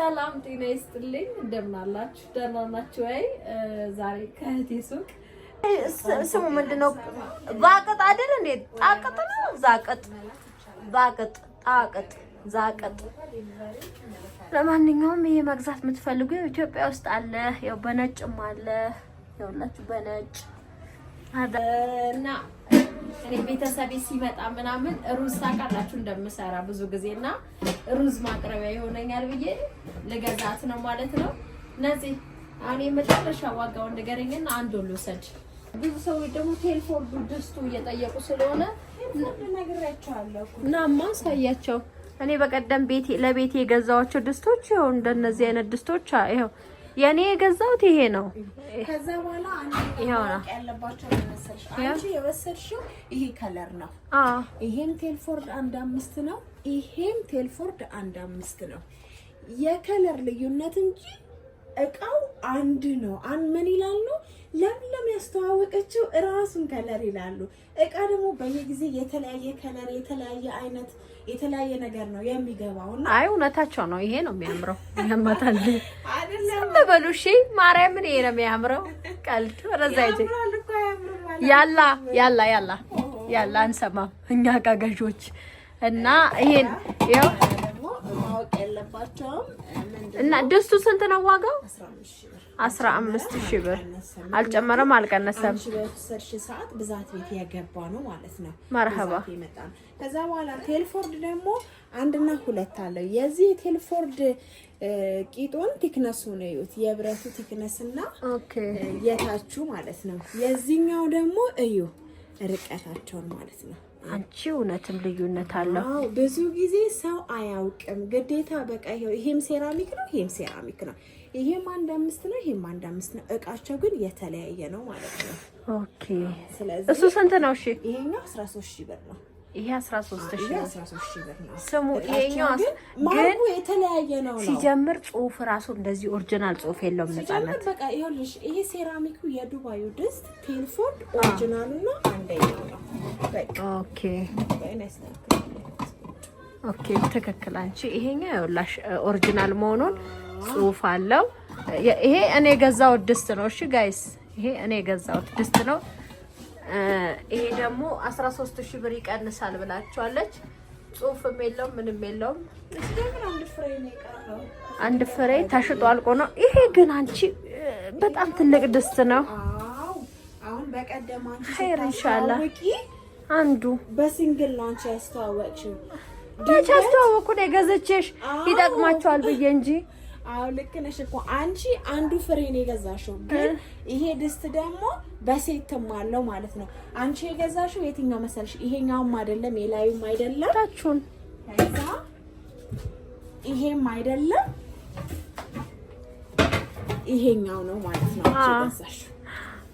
ሰላም ጤና ይስጥልኝ። እንደምን አላችሁ? ደህና ናችሁ ወይ? ዛሬ ከእህቴ ሱቅ ስሙ ምንድነው? ነው? ዛቅጥ አይደል እንዴ? ጣቅጥ ነው። ዛቅጥ ዛቅጥ ጣቅጥ ዛቅጥ። ለማንኛውም ይሄ መግዛት የምትፈልጉ ኢትዮጵያ ውስጥ አለ፣ ያው በነጭም አለ። ያውላችሁ በነጭ እና እኔ ቤተሰብ ሲመጣ ምናምን ሩዝ ታውቃላችሁ እንደምሰራ ብዙ ጊዜ እና ሩዝ ማቅረቢያ ይሆነኛል ብዬ ልገዛት ነው ማለት ነው። እነዚህ አሁን የመጨረሻ ዋጋውን ንገረኝና አንድ ልውሰድ። ብዙ ሰዎች ደግሞ ቴልፎርዱ ድስቱ እየጠየቁ ስለሆነ ነግሬያቸዋለሁ እና ማሳያቸው እኔ በቀደም ቤቴ ለቤቴ የገዛዋቸው ድስቶች ይኸው እንደነዚህ አይነት ድስቶች ይኸው የኔ የገዛሁት ይሄ ነው። ከዛ በኋላ አንቺ የበሰልሽው ይሄ ከለር ነው። ይሄም ቴልፎርድ አንድ አምስት ነው። ይሄም ቴልፎርድ አንድ አምስት ነው። የከለር ልዩነት እንጂ እቃው አንድ ነው። አን ምን ይላል ነው ለምለም ያስተዋወቀችው ራሱን ከለር ይላሉ። እቃ ደግሞ በየጊዜ የተለያየ ከለር፣ የተለያየ አይነት፣ የተለያየ ነገር ነው የሚገባው። እና አይ እውነታቸው ነው። ይሄ ነው የሚያምረው። ያማታል ዝም በሉ እሺ። ማርያምን ይሄ ነው የሚያምረው። ቀልድ ረዛ ያላ ያላ ያላ ያላ አንሰማም እኛ ጋጋዦች እና ይሄን ያው እና ድስቱ ስንት ነው ዋጋው? አስራ አምስት ሺህ ብር አልጨመረም አልቀነሰም። ሰዓት ብዛት ቤት ያገባ ነው ማለት ነው። መርሀባ ከዛ በኋላ ቴልፎርድ ደግሞ አንድና ሁለት አለው። የዚህ ቴልፎርድ ቂጡን ቲክነሱ ነው እዩት። የብረቱ ቲክነስ እና የታቹ ማለት ነው። የዚህኛው ደግሞ እዩ ርቀታቸውን ማለት ነው። አንቺ እውነትም ልዩነት አለው። ብዙ ጊዜ ሰው አያውቅም። ግዴታ በቃ ይሄው ይሄም ሴራሚክ ነው፣ ይሄም ሴራሚክ ነው፣ ይሄም አንድ አምስት ነው፣ ይሄም አንድ አምስት ነው። እቃቸው ግን የተለያየ ነው ማለት ነው። ኦኬ። ስለዚህ እሱ ስንት ነው? እሺ፣ ይሄኛው 13 ሺህ ብር ነው። ይሄ 13 ሺህ ነው። ስሙ ይሄኛው ግን የተለያየ ነው። ሲጀምር ጽሁፍ ራሱ እንደዚህ ኦሪጂናል ጽሁፍ የለውም። ነጻነት በቃ ይኸውልሽ፣ ይሄ ሴራሚኩ የዱባዩ ድስት ቴልፎርድ ኦሪጂናል እና አንደኛው ነው። ኦኬ ኦኬ፣ ትክክል አንቺ። ይሄኛው ይኸውላሽ ኦሪጂናል መሆኑን ጽሁፍ አለው። ይሄ እኔ የገዛሁት ድስት ነው። እሺ ጋይስ፣ ይሄ እኔ የገዛሁት ድስት ነው። ይሄ ደግሞ 13 ሺህ ብር ይቀንሳል ብላችኋለች። ጽሁፍም የለውም ምንም የለውም። አንድ ፍሬ ተሽጦ አልቆ ነው። ይሄ ግን አንቺ በጣም ትልቅ ድስት ነው። ኸይር ኢንሻላህ። አንዱ በሲንግል ላንቺ ያስተዋወቅሽው መቼ አስተዋወቅኩ ነው የገዘቼሽ ይጠቅማቸዋል ብዬ እንጂ አዎ ልክ ነሽ እኮ አንቺ አንዱ ፍሬ ነው የገዛሽው፣ ግን ይሄ ድስት ደግሞ በሴት አለው ማለት ነው። አንቺ የገዛሽው የትኛው መሰለሽ? ይሄኛውም አይደለም፣ የላዩም አይደለም፣ ታችሁን ይሄም አይደለም፣ ይሄኛው ነው ማለት ነው የገዛሽው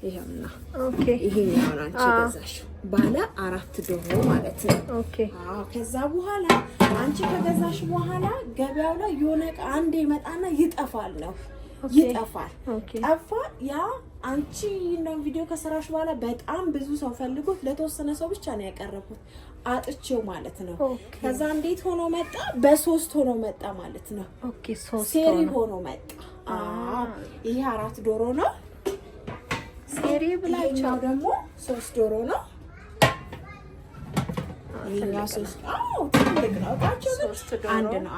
ይሄውና ኦኬ፣ ይሄኛውን አንቺ የገዛሽው ባለ አራት ዶሮ ማለት ነው። ኦኬ፣ አዎ። ከዛ በኋላ አንቺ ከገዛሽ በኋላ ገበያው ላይ የሆነ ዕቃ አንዴ ይመጣና ይጠፋል ነው ይጠፋል። ጠፋ ያ አንቺ እንደውም ቪዲዮ ከሰራሽ በኋላ በጣም ብዙ ሰው ፈልጎት ለተወሰነ ሰው ብቻ ነው ያቀረቡት። አጥቼው ማለት ነው። ከዛ እንዴት ሆኖ መጣ? በሶስት ሆኖ መጣ ማለት ነው። ሴሪ ሆኖ መጣ። ይሄ አራት ዶሮ ነው። ሴሪ ብላቸው ደግሞ ሶስት ዶሮ ነው። አንድ ነው።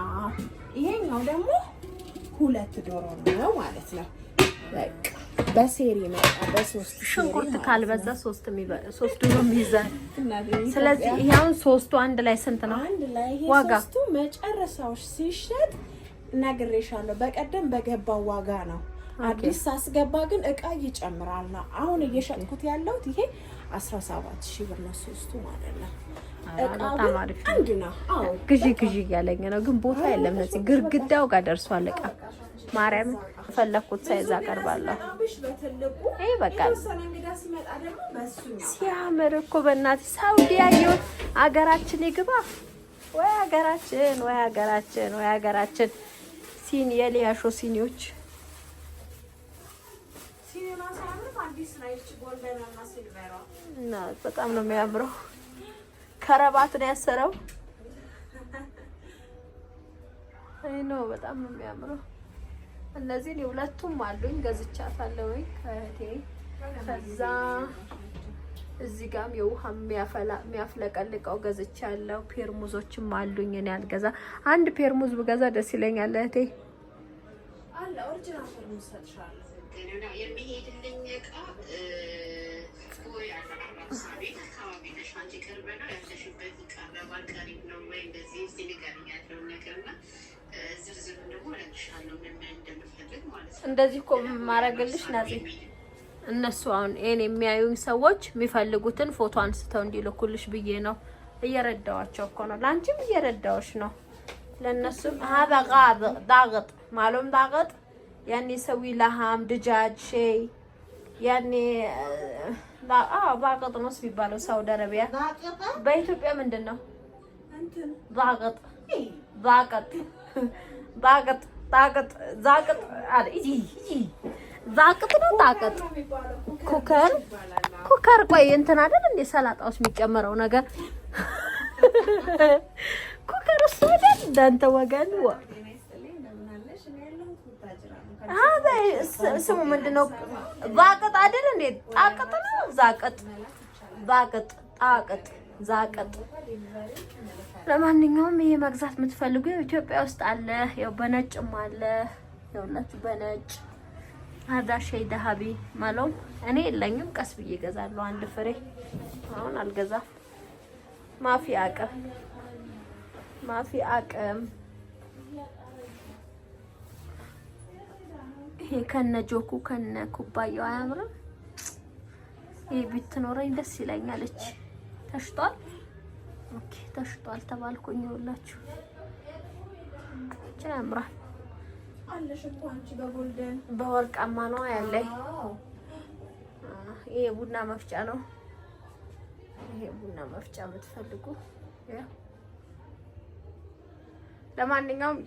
ይሄኛው ደግሞ ሁለት ዶሮ ነው ማለት ነው። በሴሪ ሽንኩርት ካልበዛ ሶስት ዶሮ ስለዚህ ሶስቱ አንድ ላይ ስንት ነው? አንድ ላይ ይሄ ሶስቱ ሲሸጥ ነግሬሻለሁ። በቀደም በገባው ዋጋ ነው አዲስ ሳስገባ ግን እቃ ይጨምራል ነው። አሁን እየሸጥኩት ያለሁት ይሄ 17 ሺህ ብር ነው ሶስቱ ማለት ነው። በጣም አሪፍ ነው። ግዢ ግዢ እያለኝ ነው፣ ግን ቦታ የለም። ነዚህ ግርግዳው ጋር ደርሷል እቃ ማርያም ፈለኩት ሳይዝ አቀርባለሁ። ይሄ በቃ ሲያምር እኮ በእናት ሳውዲ ያየሁት አገራችን ይግባ ወይ አገራችን ወይ አገራችን ወይ አገራችን ሲን የሊያሾ ሲኒዎች በጣም ነው የሚያምረው። ከረባት ነው ያሰረው። አይ ነው በጣም ነው የሚያምረው። እነዚህን ሁለቱም አሉኝ ገዝቻታለሁ ከእህቴ። ከዛ እዚህ ጋም የውሃ የሚያፈላ የሚያፍለቀልቀው ገዝቻለሁ። ፔርሙዞችም አሉኝ። እኔ አልገዛ አንድ ፔርሙዝ ብገዛ ደስ ይለኛል እህቴ የሚሄድልኝ እቃ እንደዚህ እኮ ማረግልሽ ነዚ እነሱ አሁን ይሄን የሚያዩኝ ሰዎች የሚፈልጉትን ፎቶ አንስተው እንዲልኩልሽ ብዬ ነው። እየረዳዋቸው እኮ ነው። ለአንቺም እየረዳዎች ነው። ለእነሱም ቃብ ዳቅጥ ማሉም ዳቅጥ ያኔ ሰዊ ለሃም ድጃቼ ያኔ ዛቅጥ ነው የሚባለው ሳውዲ አረቢያ። በኢትዮጵያ ምንድን ነው ዛቅጥ? ዛቅጥ ዛቅጥ ዛቅጥ ነው ዛቅጥ። ኩከር ኩከር። ቆይ እንትን አይደል እንደ ሰላጣ የሚጨመረው ነገር ኩከር። እሱ አይደል እንዳንተ ወገን ስሙ ምንድን ነው? ዛቅጥ አይደል እንዴ? ጣቅጥ ነው። ዛቅጥ ጣቅጥ ዛቅጥ። ለማንኛውም ይሄ መግዛት የምትፈልጉ ኢትዮጵያ ውስጥ አለ፣ ያው በነጭም አለ። ይኸውላችሁ በነጭ ሸይ ዳሃቢ ማለው እኔ የለኝም። ቀስ ብዬ እገዛለሁ አንድ ፍሬ። አሁን አልገዛም። ማፊ አቅም ማፊ አቅም ከነ ጆኩ ከነ ኩባያው አያምርም። ይሄ ብትኖረኝ ደስ ይለኛለች። ተሽጧል። ኦኬ ተሽጧል ተባልኩኝ። ይኸውላችሁ ብቻ ያምራል። በወርቃማ ነው ያለ ይሄ ቡና መፍጫ ነው። ይሄ ቡና መፍጫ የምትፈልጉ ለማንኛውም